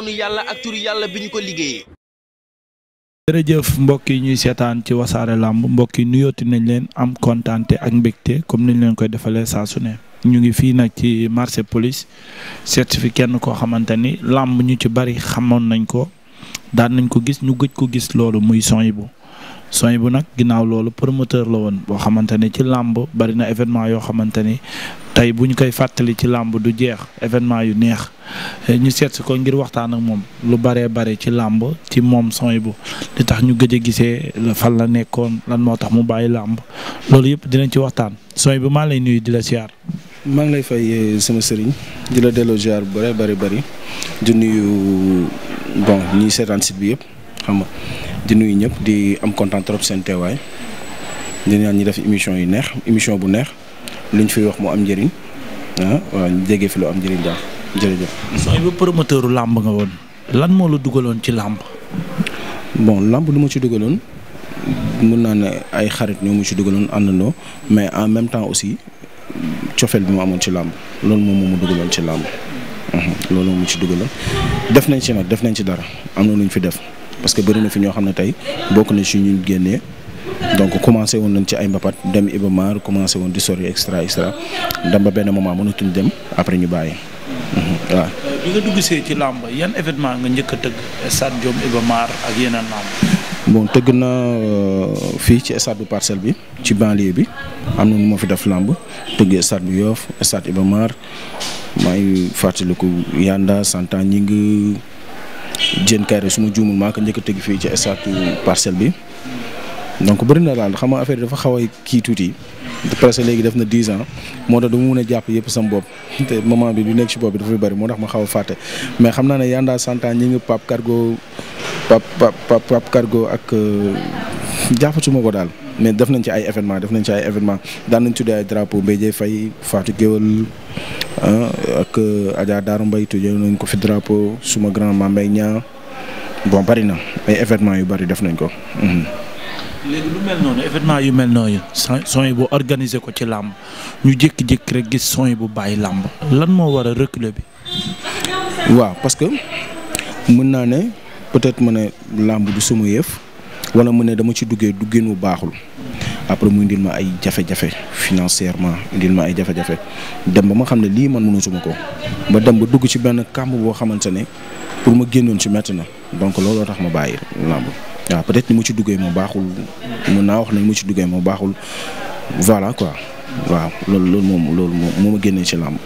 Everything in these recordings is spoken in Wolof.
kàttanu yàlla ak yàlla bi ñu ko liggéeyee. jërëjëf mbokk yi ñuy seetaan ci wasaare làmb mbokk yi nuyooti nañ leen am kontaante ak mbégte comme niñ leen koy defalee saa su ñu ngi fii nag ci marché police certifié kenn koo xamante ni làmb ñu ci bari xamoon nañ ko daan nañ ko gis ñu gëj ko gis loolu muy Sohaibou bu soñ bu nag ginnaaw loolu promoteur la woon boo xamante ne ci làmb bari na événement yoo xamante ni tey bu ñu koy fàttali ci làmb du jeex événement yu neex ñu seet si ko ngir waxtaan ak moom lu baree bare ci làmb ci moom soñ bu li tax ñu gëj a gisee fan la nekkoon lan moo tax mu bàyyi làmb loolu yëpp dinañ ci waxtaan soñ bu maa lay nuyu di la siyaar. maa ngi lay fay eh, sama sëriñ di la delloo ziar bu bari bari bari di nuyu bon ñi seetaan site bi yëpp. xam nga di ñëpp di am kontaan trop seen teewaay ñaan ñi def émission yu neex émission bu neex luñ fiy wax mu am njëriñ ah waaw ñu lu am njëriñ daal jërëjëf. sooy bu promoteur làmb nga lan moo la dugaloon ci làmb. bon làmb lu ma ci dugaloon mun naa ne ay xarit ñoo mu ci dugaloon àndandoo mais en même temps aussi cofeel bi mu amoon ci làmb loolu moom moom mu dugaloon ci lamb mhm, loolu moom mu ci dugaloon def nañ ci nag def nañ ci dara am na lu ñu fi def. parce que bëri na fi ñoo xam ne tey bokk na ci ñu génnee donc commencé woon nañ ci ay mbapat dem Iba Mar commencé woon di sori extra extra dem ba benn moment mënatuñ dem après ñu bàyyi. Mhm, waaw. Euh, bi nga dugg see ci làmb yan événement nga njëkk a tëgg stade Diom Iba Mar ak yeneen làmb. bon tëgg na euh, fii ci stade bu parcelle bi ci banlier bi am na nu moo fi def làmb tëgg stade bu Yoff stade Iba Mar maa ngi fàttaliku Santa ñi ngi Diène Kairé su ma juumul maa ko njëkk a fii ci stade parcelle bi donc bëri na daal xam nga affaire dafa xaw a kii tuuti presque léegi def na 10 ans moo tax du mun a jàpp yëpp sama bopp te moment bi du nekk si bopp bi dafa bëri moo tax ma xaw a fàtte mais xam naa ne Yanda Santa ñi ngi Pape Cargo Pape Pape Pape Cargo ak euh, jàppatuma ko daal mais def nañ ci ay événement def nañ ci ay événement daan nañ tuddee ay drapeau Mbéjee fay Fatou Guéwal Ah, ak euh, Adja Daaru Mbaye tuddee nañ ko fi drapeau suma grand maam Mbaye ñaa bon bari na ay événement yu bari def nañ ko. Mhm. léegi lu mel noonu événement yu mel noonu son yi bu organiser ko ci làmb ñu jékki-jékki rek gis son yi bu bàyyi làmb lan moo war a reculer bi. waaw parce que mën naa ne peut-être ma ne làmb du sama yëf wala mu ne dama ci duggee duggeen wu baaxul. après mu indil ma ay jafe-jafe financièrement indil ma ay jafe-jafe dem ba ma xam ne lii man mënatuma ko ba dem ba dugg ci benn kàmb boo xamante ne pour ma génnoon ci métti na donc looloo tax ma bàyyi làmb waaw peut ni mu ci duggee moo baaxul mun naa wax ne mu ci duggee moo baaxul voilà quoi waaw loolu loolu moom loolu moom moo ma génnee ci làmb.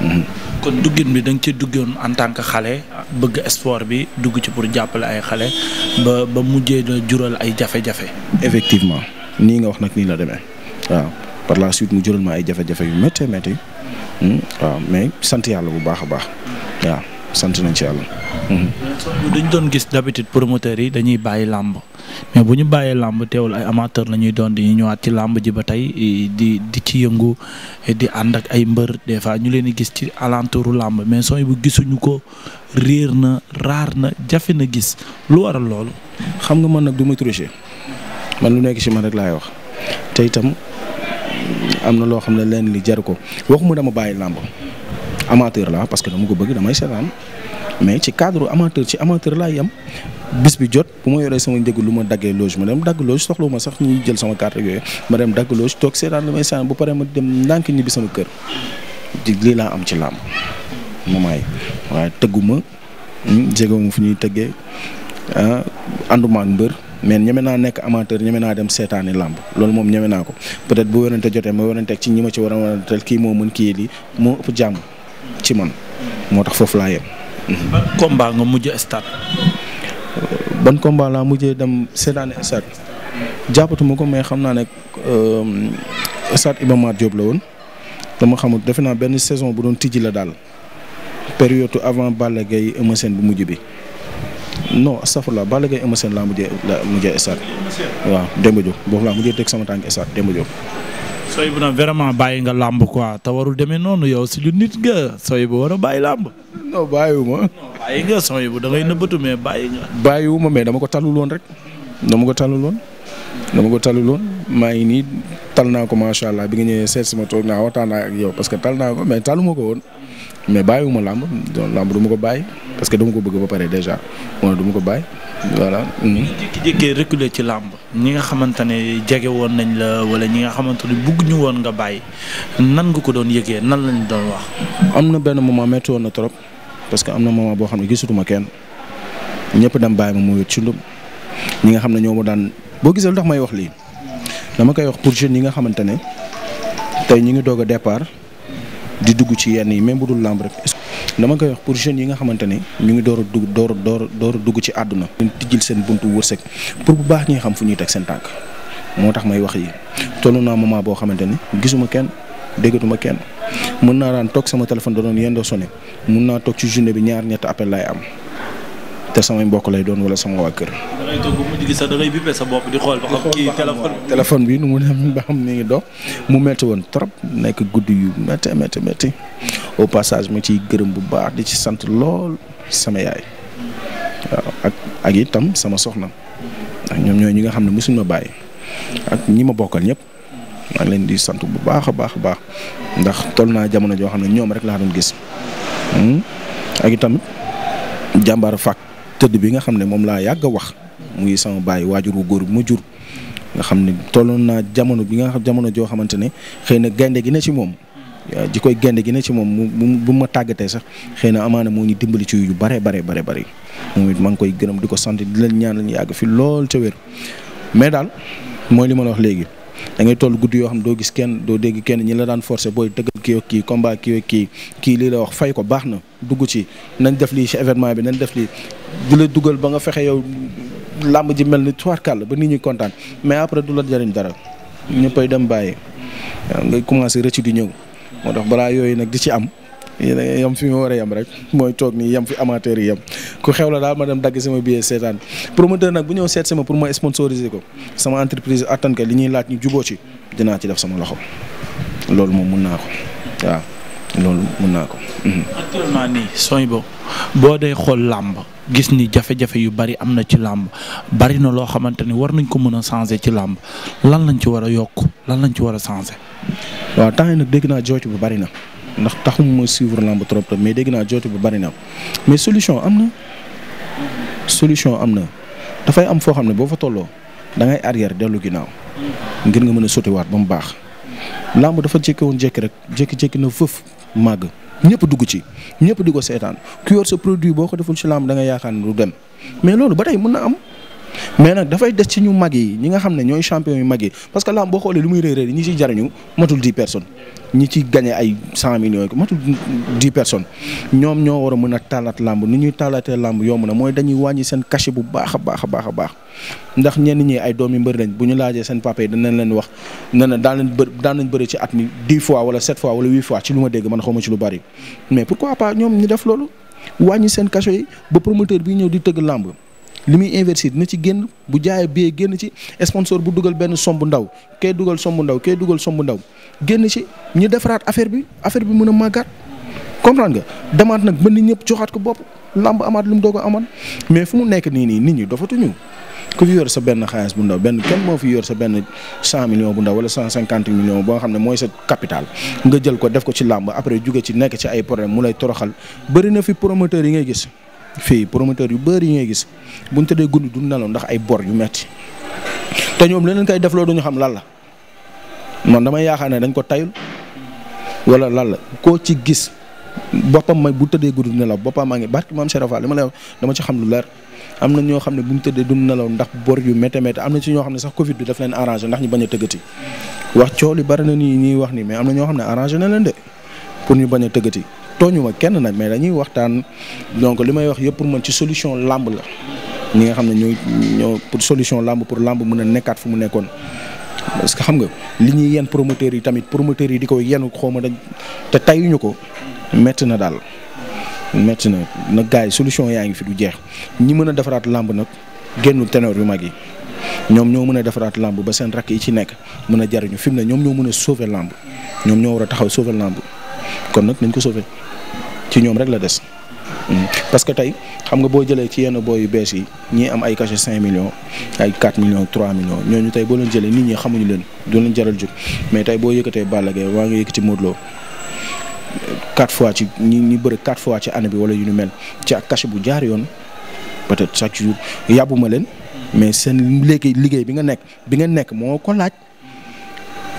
Mhm. kon duggin bi danga nga ci duggoon en tant que xale bëgg sport bi dugg ci pour jàppale ay xale ba ba mujjee la jural ay jafe effectivement. nii nga wax nag nii la deme waaw par la suite mu jural ma ay jafe-jafe yu méttee métti hmm, waaw mais sant yàlla bu baax a baax waaw sant nañ ci yàlla. Hmm. dañ doon gis d'habitude promoteurs yi dañuy bàyyi làmb mais bu ñu bàyyee làmb teewul ay amateur la ñuy doon di ñëwaat ci làmb ji ba tey eh, di di ci yëngu eh, di ànd ak ay mbër des fois ñu leen di gis ci alentouru làmb mais sooy bu gisuñu ko réer na raar na jafe na gis lu waral loolu. xam nga mën nag du ma man lu nekk ci man rek laay wax te itam am na loo xam ne leen li jaru ko waxuma dama bàyyi làmb amateur laa parce que dama ko bëgg damay seetaan mais ci cadre amateur ci amateur laay yem bis bi jot bu ma yoree sama njëg lu ma daggee loge ma dem dagg loge soxlu ma sax ñuy jël sama carte yooyu ma dem dagg loge toog seetaan damay seetaan bu paree ma dem ndànk ñibbi sama kër di lii laa am ci làmb moment yi waaye tëgguma hmm, jegewuma fu ñuy tëggee ah, ànduma ak mbër mais ñeme naa nekk amateur ñeme naa dem seetaani làmb loolu moom ñeme naa ko peut-être bu wérante jotee ma wérante ci ñi ma ci war a wérantel kii moo mën kii lii moo ëpp jàmm ci man moo tax foofu laa yem. ban combat nga mujj stade. mujjee dem seetaani stade jàppatuma ko mais xam naa ne euh, stade Iba Mar Diop la woon dama xamul defe naa benn saison bu doon tijji la daal période avant Balla Gaye Eumeu Sène bu mujj bi. non astafurlah Balla la Eumeu Sène laa mujjee laa mujjee stade waaw Demba Diop boobu la mujjee teg sama tànk stade Demba Diop. sooy bu na vraiment bàyyi nga làmb quoi te warul demee noonu yow si lu nit nga sooy bu war a bàyyi làmb. non bàyyiwuma. bàyyi nga sooy bu da ngay nëbbatu mais bàyyi nga. ma mais dama ko tàllu loon rek dama ko tàllu loon dama ko taluloon maa ngi nii tal naa ko macha allah bi nga ñëwee seet si ma toog naa waxtaan ak yow parce que tal naa ko mais taluma ko woon mais bàyyiwuma làmb donc làmb du ma ko bàyyi parce que dama ko bëgg ba pare déjà moom du ma ko bàyyi voilà. Mm. ñi jékki-jékkee reculer ci làmb ñi nga xamante ne jege woon nañ la wala ñi nga xamante ne bugg ñu woon nga bàyyi nan nga ko doon yëgee nan lañ doon wax. am na benn moment métti woon na trop parce que am na moment boo xam ne gisatuma kenn ñëpp dem bàyyi ma mu wét ci ndum ñi nga xam ne ñoo ma daan. boo gisee lu tax may wax lii dama koy wax pour jeunes yi nga xamante ne tey ñu ngi doog a départ di dugg ci yenn yi même bu dul làmb rek dama koy wax pour jeunes yi nga xamante ne ñu ngi door a dugg door door door a dugg ci àdduna. ñu tijjil seen buntu wërsëg pour bu baax ñi xam fu ñuy teg seen tànk moo tax may wax yi tollu naa moment boo xamante ne gisuma kenn déggatuma kenn mën naa daan toog sama téléphone da doon yendoo sonné mun naa toog ci journée bi ñaar ñett appel laay am. te samay mbokk lay doon wala sama waa kër. da sa bopp di xool ba xam kii téléphone bi nu mu ne ba xam ni ngi dox mu métti woon trop nekk guddi yu métti métti métti passage ma ciy gërëm bu baax di ci sant lool sama yaay ak ak itam sama soxna ndax ñoom ñooy ñi nga xam ne mosuñ ma bàyyi ak ñi ma bokkal ñëpp maa ngi leen di sant bu baax a baax a baax ndax toll naa jamono joo xam ne ñoom rek laa doon gis hmm? ak itam jàmbaaru fàkk. tëdd bi nga xam ne moom laa yàgg wax muy sama baay waajur wu góor bi ma jur nga xam ne tolloon naa jamono bi nga xam jamono joo xamante ne xëy na gaynde gi ne ci moom ji koy gaynde gi ne ci moom mu bu ma tàggatee sax xëy na amaana moo ñu dimbali ci yu bare bare bare bare moom it maa ngi koy gërëm di ko sant di leen ñaanal ñu yàgg fi lool ca wér mais daal mooy li ma la wax léegi da ngay toll guddi yoo xam doo gis kenn doo dégg kenn ñi la daan forcé booy dëggal kii ak kii combat ki ak kii kii lii la wax fay ko baax na dugg ci nañ def lii ci événement bi nañ def lii di la dugal ba nga fexe yow làmb ji mel ni tuwaarkàll ba nit ñi kontaan mais après du la jariñ dara ñëppay dem bàyyi ngay commencé rëcc di ñëw moo tax balaa yooyu nag di ci am yam fi mu war a yam rek mooy toog nii yam fi amateur yi yam ku xew la daal ma dem dagg sama billet seetaan promoteur nag bu ñëw seet sama pour ma sponsoriser ko sama entreprise attan ka li ñuy laaj ñu juboo ci dinaa ci def sama loxo loolu moom mun naa ko waaw loolu mun naa ko. Mhm. actuellement nii sooy bo boo dee xool làmb gis ni jafe-jafe yu bari am na ci làmb bari na loo xamante ni war nañ ko mën a changer ci làmb lan lañ ci war a yokk lan lañ ci war a changer. waaw temps nag dégg naa jooytu bu bari na. ndax mooy suivre lamb trop trop mais dégg naa jootu bu bari na mais solution am na. solution am na dafay am foo xam ne boo fa tolloo da ngay arrière dellu ginnaaw ngir nga mën a sotiwaat ba mu baax. lamb dafa jékki woon jékki rek jékki-jékki na fëf màgg ñëpp dugg ci ñëpp di ko seetaan ku yor sa produit boo ko deful ci lamb da nga yaakaar ne du dem mais loolu ba tey mën na am. mais nag dafay des ci ñu mag yi ñi nga xam ne ñooy champion yu mag yi parce que lamb boo xoolee lu muy réeréer ñi ciy jariñu matul dix personnes ñi ci gagné ay cent millions yi matul dix personnes ñoom ñoo war a mën a taalaat làmb ni ñuy taalaatee làmb yomb na mooy dañuy wàññi seen cachet bu baax a baax a baax a baax ndax ñenn ñi ay doom doomi mbëri lañ bu ñu laajee seen papa yi danañ leen wax ne na daan nañ bër daan nañ bëri ci at mi dix fois wala sept fois wala huit fois ci lu ma dégg man xaw ma ci lu bari mais pourquoi pas ñoom ñu def loolu wàññi seen cachet yi ba promoteur bi ñëw di tëgg làmb li muy investir na ci génn bu jaayee bee génn ci sponsor bu dugal benn somb ndaw kay dugal somb ndaw kay dugal somb ndaw génn ci ñu defaraat affaire bi affaire bi mun a màggaat comprendre nga demaat nag ba nit ñëpp joxaat ko bopp làmb amaat lu mu doog a mais fu mu nekk nii nii nit ñi dofatuñu ku fi yor sa benn xaalis bu ndaw benn kenn moo fi yor sa benn cent millions bu ndaw wala cent cinquante millions boo xam ne mooy sa capital nga jël ko def ko ci làmb après jóge ci nekk ci ay problème mu lay toroxal bëri na fi promoteur yi ngay gis fii promoteur yu bëri yi gis buñ tëddee guddi du nelaw ndax ay bor yu metti te ñoom leneen kay def loo duñu xam lan la. man damay yaakaar ne dañ ko tayul wala lan la koo ci gis boppam ma bu tëddee guddi nelaw boppam maa ngi barki maam Serapha li ma lay ci xam lu leer am na ñoo xam ne bu tëddee du nelaw ndax bor yu métti métti am na ci ñoo xam ne sax Covid bi def leen arrangé ndax ñu baña a tëggati wax coow li bari na nii ñuy wax ni mais am na ñoo xam ne arrangé na leen de pour ñu baña a tëggati tooñu ma kenn nag mais dañuy waxtaan donc li may wax yëpp pour man ci solution làmb la ñi nga xam ne ñoo ñoo pour solution làmb pour làmb mën a nekkaat fu mu nekkoon parce que xam nga li ñuy yenn promoteurs yi tamit promoteurs yi di ko yenu xaw ma dañ te tayuñu ko metti na daal metti na na gars yi solution yaa ngi fi du jeex ñi mën a defaraat làmb nag génn ténor yu mag yi ñoom ñoo mën a defaraat làmb ba seen rakk yi ci nekk mën a jariñu fi mu ne ñoom ñoo mën a sauver làmb ñoom ñoo war a taxaw sauver làmb kon nag nañ ko sauver ci ñoom rek la des. parce que tey xam nga boo jëlee ci yenn booy yu bees yi ñii am ay cachet 5 millions ay 4 millions 3 millions ñooñu tey boo jëlee nit ñi xamuñu leen du leen jaral jóg mais tey boo yëkkatee Balla Gaye waa nga yëkkati Modou Lo quatre fois ci ñi ñi bëri quatre fois ci année bi wala yu ñu mel ci ak cachet bu jaar yoon peut-être chaque jour yàbbuma leen mais seen léegi liggéey bi nga nekk bi nga nekk moo ko laaj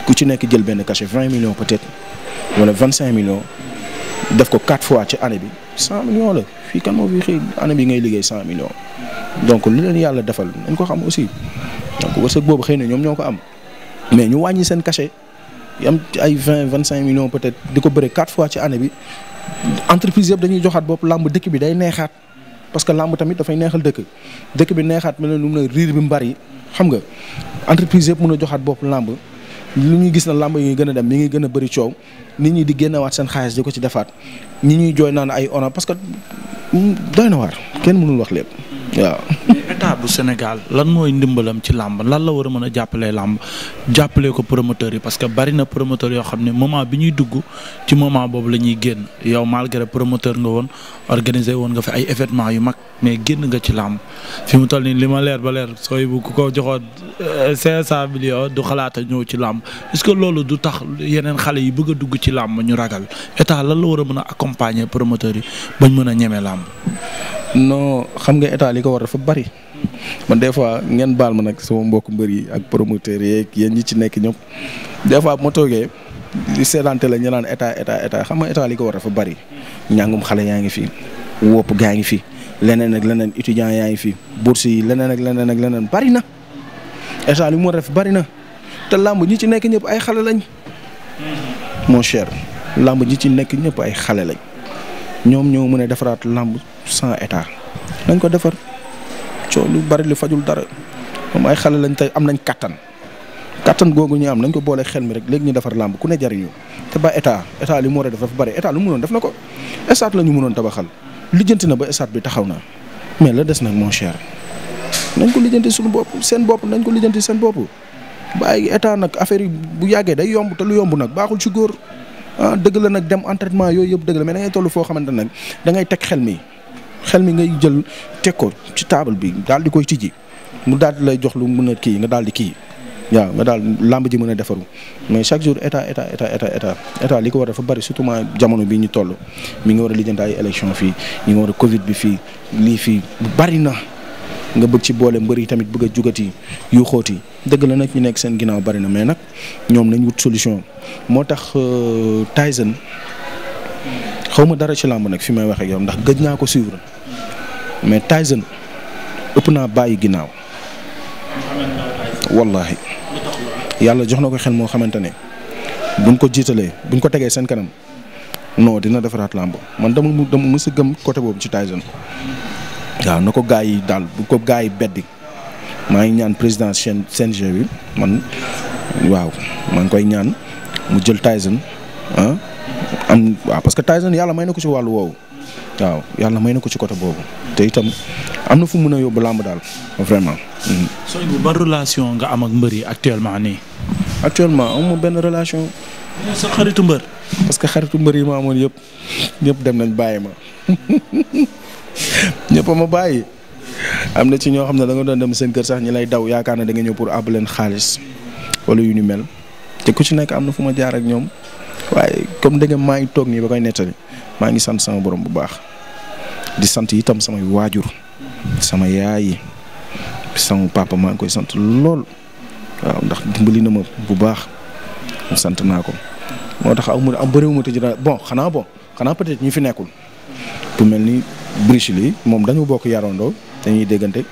ku ci nekk jël benn cachet 20 millions peut-être wala 25 millions. def ko quatre fois ci année bi cent millions la fii kan moo fi xëy année bi ngay liggéey cent millions donc li leen yàlla defal nañ ko xam aussi donc wërsëg boobu xëy na ñoom ñoo ko am mais ñu wàññi seen cachet yam ay vingt vingt cinq millions peut-être di ko bëre quatre fois ci année bi entreprise yëpp dañuy joxaat bopp làmb dëkk bi day neexaat parce que làmb tamit dafay neexal dëkk dëkk bi neexaat mel ne lu mu ne riir bi mu bari xam nga entreprise yëpp mën a joxaat bopp làmb lu ñuy gis na làmb yi ngi gën a dem mi ngay gën a bëri coow nit ñi di génnewaat seen xaalis di ko ci defaat ñi ñuy jooy naan ay ona parce que mm, doy na waar kenn mënul wax lépp waaw bu Sénégal lan mooy ndimbalam ci làmb lan la war a mën a jàppalee làmb jàppale ko promoteurs yi parce que bari na promoteur yoo xam ne moment bi ñuy dugg ci moment boobu la ñuy génn yow malgré promoteur nga woon organiser woon nga fi ay événement yu mag mais génn nga ci làmb fi mu toll nii li ma leer ba leer sooy bu ku ko joxoon 500 euh, millions du xalaata ñëw ci làmb est que loolu du tax yeneen xale yi bëgg a dugg ci làmb ñu ragal état lan la war a mën a accompagner promoteurs yi bañ mën a ñeme làmb. non xam nga état li ko war dafa bari. man des fois ngeen baal ma nag sama mbokku mbër yi ak promoteur yeeg yéen ñi ci nekk ñëpp des fois bu toogee di la ñu état état état xam nga état li ko war dafa bari. ñàngum xale yaa ngi fi wopp gaa ngi fi leneen ak leneen étudiant yaa ngi fi bourse yi leneen ak leneen leneen bari na état li mu war bari na te làmb ñi ci nekk ñëpp ay xale lañ. mon cher làmb ñi ci nekk ñëpp ay xale lañ ñoom ñoo mën a defaraat làmb sans état dañ ko defar. coow lu bari li fajul dara moom ay xale lañ tey am nañ kattan kattan googu ñu am nañ ko boole xel mi rek léegi ñu defar làmb ku ne jariñu te ba état état li mu war a def bari état lu mu mënoon def ko état la ñu mënoon tabaxal lijjanti na ba état bi taxaw na mais la des nag mon nañ ko lijjanti suñu bopp seen bopp nañ ko lijjanti seen bopp bàyyi état nag affaire yi bu yàggee day yomb te lu yomb nag baaxul ci góor ah dëgg la nag dem entraînement yooyu yëpp dëgg la mais da ngay toll foo xamante nag da ngay teg xel mi. xel mi ngay jël teg ko ci taabal bi daal di koy tijji mu daal di lay jox lu mun a kii nga daal di kii waaw nga daal lamb ji mën a defaru mais chaque jour état état état état état état li ko war dafa bëri surtout jamono bi ñu toll mi ngi war a lijjanti ay élection fii ñu ngi war a Covid bi fii lii fii bëri na nga bëgg ci boole mbër yi tamit bëgg a jugati yu xóoti dëgg la nag ñu nekk seen ginnaaw bëri na mais nag ñoom nañ wut solution moo tax euh, Tyson xaw ma dara ci làmb nag fi may waxee yow ndax gëj naa ko suivre mais Tyson ëpp naa bàyyi ginnaaw. wallahi yàlla jox na ko xel moo xamante ne buñ ko jiitalee buñ ko tegee seen kanam non dina defaraat làmb man dama mu dama mës a gëm côté boobu ci Tyson. waaw na ko gaa yi daal bu ko gaa yi beddi maa ngi ñaan président chaîne CNG bi man waaw maa ngi koy ñaan mu jël Tyson ah. am waaw parce que Tyson yàlla may na ko ci wàllu woowu waaw yàlla may na ko ci côté boobu te itam am na fu mën a yóbbu làmb daal vraiment. Mhm. sooy nga am ak mbër yi actuellement nii. actuellement amuma benn relation. xaritu mbër. parce que xaritu mbër yi ma amoon yëpp ñëpp dem nañ bàyyi ma ñëpp ma bàyyi am na ci ñoo xam ne da doon dem seen kër sax ñi lay daw yaakaar ne da nga ñëw pour àbb leen xaalis wala yu ni mel te ku ci nekk am na fu ma jaar ak ñoom. waaye comme da maa ngi toog nii ba koy nettali maa ngi sant sama borom bu baax di sant itam samay waajur sama yaay yi sama papa maa ngi koy sant lool waaw ndax dimbali na ma bu baax sant naa ko moo tax aw ma am bëriwuma te jëlaat bon xanaa bon xanaa peut-être ñi fi nekkul bu mel ni Brichel yi moom dañu bokk yarandoo dañuy déggante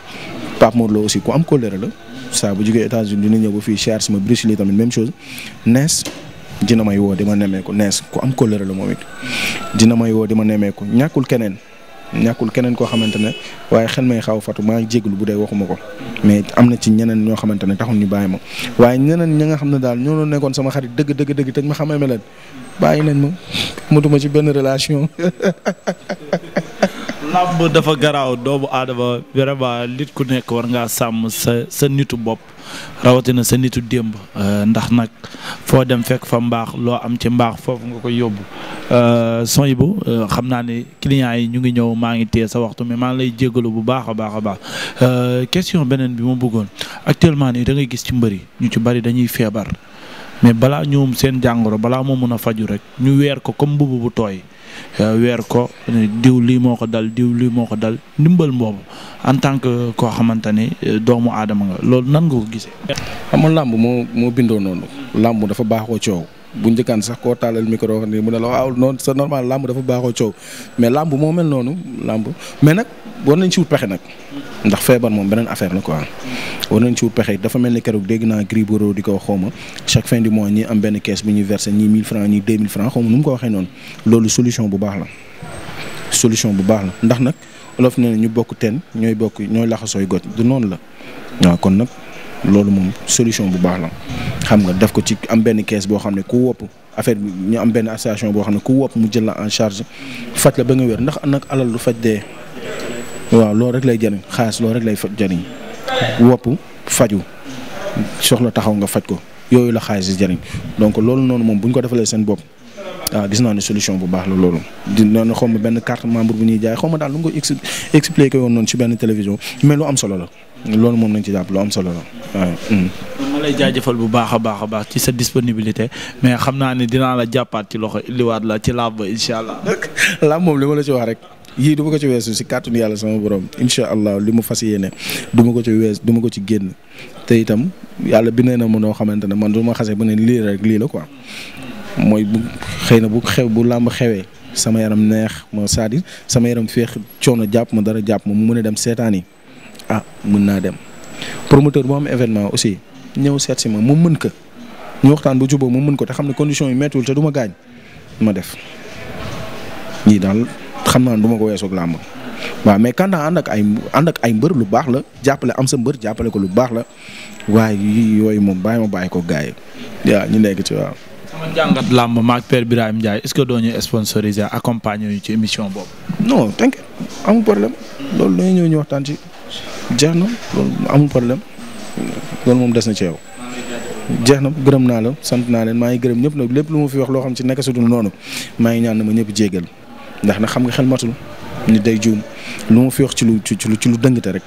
Pape Mor Lo aussi ku am kóllëre la saa bu jógee États-Unis dina ñëw ba fii Cheikh sama Brichel lii tamit même chose nees. dina may woo di ma nemmeeku nees ku am kóllëre la moom it dina may woo di ma nemmeeku ñàkkul keneen ñàkkul keneen koo xamante ne waaye xel may xaw fatu maa jéglu bu dee waxuma ko mais am na ci ñeneen ñoo xamante ne taxul ñu bàyyi ma waaye ñeneen ña nga xam ne daal ñoo doon nekkoon sama xarit dëgg dëgg dëgg te ma xamee ma leen bàyyi nañ ma mutuma ci benn relation làmb dafa garaaw doomu aadama vraiment nit ku nekk war ngaa sàmm sa sa nitu bopp rawatina sa nitu démb euh, ndax nag foo dem fekk fa mbaax loo am ci mbaax foofu nga koy yóbbu euh, sony bu euh, xam naa ne clients yi ñu ngi ñëw maa ngi téye sa waxtu mais maa ngi lay jégalu bu baax a baax a baax question beneen bi ma bëggoon actuellement nii da ngay gis ci mbëri ñu ci bari dañuy feebar mais balaa ñoom seen jàngoro balaa moo mën a faju rek ñu weer ko comme mbubb bu tooy euh, weer ko diw lii moo ko dal diw lii moo ko dal ndimbal boobu en tant que koo xamante ni euh, doomu aadama nga loolu nan nga ko gisee. xam làmb moo moo bindoo noonu. làmb dafa baaxoo coow. bu njëkkaan sax koo taalal micro nii mu ne la waaw sa c'est normal làmb dafa baaxoo coow mais làmb moo mel noonu làmb mais nag war nañ ci wut pexe nag ndax feebar moom beneen affaire la quoi war nañ ci wut pexe dafa mel ni keroog dégg naa Gris Bordeaux di ko wax xawma chaque fin du mois ñi am benn caisse bu ñuy verser ñii 1000 francs ñii 2000 francs xawma nu mu ko waxee noonu loolu solution bu baax la solution bu baax la ndax nag olof nee na ñu bokk teen ñooy bokk ñooy laxasooy got du noonu la waaw kon nag loolu moom solution bu baax la xam nga def ko ci am benn caisse boo xam ne ku wopp affaire bi ñu am benn association boo xam ne ku wopp mu jël la en charge faj la ba nga wér ndax nag alal dee waaw loolu rek lay jëriñ xaalis loolu rek lay jëriñ wopp faju soxla taxaw nga faj ko yooyu la xaalis di jëriñ donc loolu noonu moom bu ñu ko defalee seen bopp waaw ah, gis naa ne solution bu baax la loolu di naan xaw benn carte membre bu ñuy jaay xaw ma daal lu ko ex expliqué woon noonu ci benn télévision mais lu am solo loolu moom nañ ci jàpp lu am solo la hmm. lay jaajëfal bu baax a baax a baax ci sa disponibilité mais xam naa ne dinaa la jàppaat ci loxo indiwaat la ci làmb incha allah. làmb moom li ma la ci wax rek. yii du ma ko ci weesu si kàttanu yàlla sama borom incha allah li ma fas yéene du ma ko ci wees du ma ko ci génn te itam yàlla bi nee na ma noo xamante ne man du ma xasee ba ne lii rek la ko mooy bu xëy na bu xew bu làmb xewee sama yaram neex moo cest sama yaram féex coono jàpp ma dara jàpp ma mu mën a dem seetaan yi ah mën naa dem promoteur bu am événement aussi ñëw seet si ma mu mën ko ñu waxtaan bu juboo mu mën ko te xam ne condition yi méttiwul te du ma gaañ ma def ñii daal xam naa ne du ko weesoog làmb waa mais kandax ànd ak ay ànd ay mbër lu baax la jàppale am sa mbër jàppale ko lu baax la waaye yooyu moom bàyyi ma bàyyi ko gars yi ñu nekk ci waaw. sama jàngat làmb maak Père Birahim Ndiaye ce que doo ñu sponsoriser accompagner ñu ci émission boobu. non t'inquiète amul problème loolu ñëw ñu waxtaan ci jeex na loolu amul problème loolu moom des na ci yow. jeex na gërëm naa la sant naa leen maa ngi gërëm ñëpp nag lépp lu ma fi wax loo xam ci nekk su dul noonu maa ngi ñaan na ma ñëpp jéggal ndax nag xam nga xel matul ni day juum lu ma fi wax ci lu ci lu ci lu dëngte rek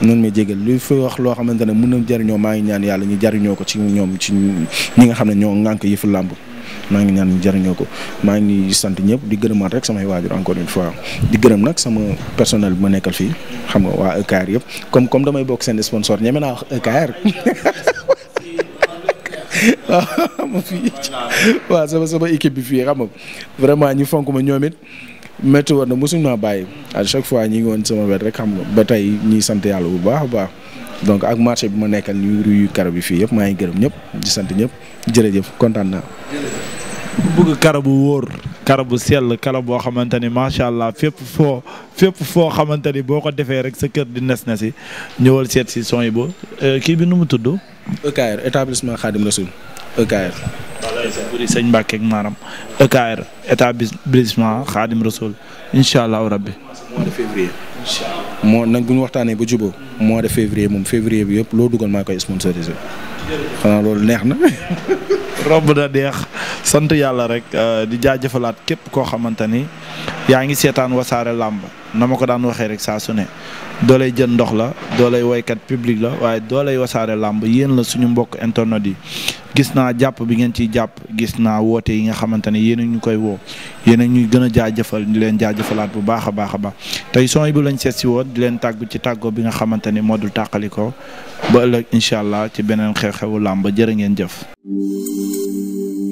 noonu may jégal lu fi wax loo xamante ne mën na jariñoo maa ngi ñaan yàlla ñu jariñoo ko ci ñoom ci ñi nga xam ne ñoo ŋànk yëfu làmb maa ngi ñaan ñu jariñoo ko maa ngi sant ñëpp di gërëmaat rek samay waajur encore une fois di gërëm nag sama personnel bi ma nekkal fii xam nga waa EKR yëpp comme comme damay bokk seen sponsor ñeme naa wax e EKR waaw xam nga sama sama équipe bi fii xam vraiment ñu fonk ma ñoom it métti woon na mosuñ maa bàyyi à chaque fois ñi ngi woon sama wet rek xam nga ba tey ñuy sant yàlla bu baax a baax donc ak marché bi ma nekkal ñu rue yu karo bi fii yëpp maa ngi gërëm ñëpp di sant ñëpp jërëjëf kontaan naa. ku bëgg bu wóor kara bu sell kara boo xamante ni macha allah fépp foo fépp foo xamante ni boo ko defee rek sa kër di nes na si ñëwal seet si son yi ba euh, kii bi nu mu tudd. EKR établissement Khadim Rasoul EKR. buri maaram EKR établissement Khadim Rasoul incha allahu rabbi. mois moo nag bu waxtaanee ba jubóo mois de février moom février bi yëpp loo duggal maa koy sponsorisé. xanaa loolu neex na. robb na neex. sant yàlla rek euh, di jaajëfalaat képp koo xamante ni yaa ngi seetaan wasaare làmb na ma ko daan waxee rek saa su ne doolay jën ndox la doolay woykat public la waaye doolay wasaare làmb yéen la suñu mbokk internet yi gis naa jàpp bi ngeen ci jàpp gis naa woote yi nga xamante ne yéen a ñu koy woo yéen a ñuy gën a jaajëfal di leen jëfalaat bu baax a baax a baax tey son yi bu lañ seet si woon di leen tàggu ci tàggoo bi nga xamante ni moo dul tàqalikoo ba ëllëg incha allah ci beneen xewu làmb jërë ngeen jëf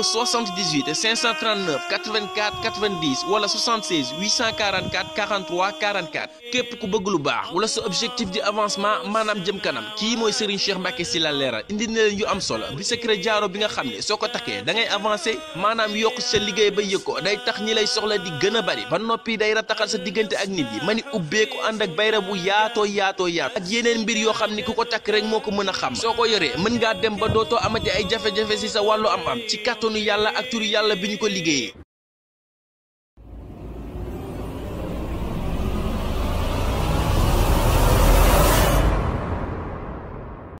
au 78 539 84 90 wala 76 844 43 44. képp ku bëgg lu baax wala sa objectif di avancement maanaam jëm kanam kii mooy Serigne Cheikh Mbacke si la leeral indi na leen yu am solo bi secret jaaro bi nga xam ne soo ko takkee da ngay avancé maanaam yokk sa liggéey ba yëg ko day tax ñi lay soxla di gën a bari ba noppi day rataxal sa diggante ak nit yi ma ni ubbeeku ànd ak bayra bu yaatoo yaatoo yaatoo ak yeneen mbir yoo xam ni ku ko takk rek moo ko mën a xam soo ko yoree mën ngaa dem ba dootoo ay jafe si sa wàllu am-am ci kàttanu yàlla ak yàlla bi ñu ko liggéeyee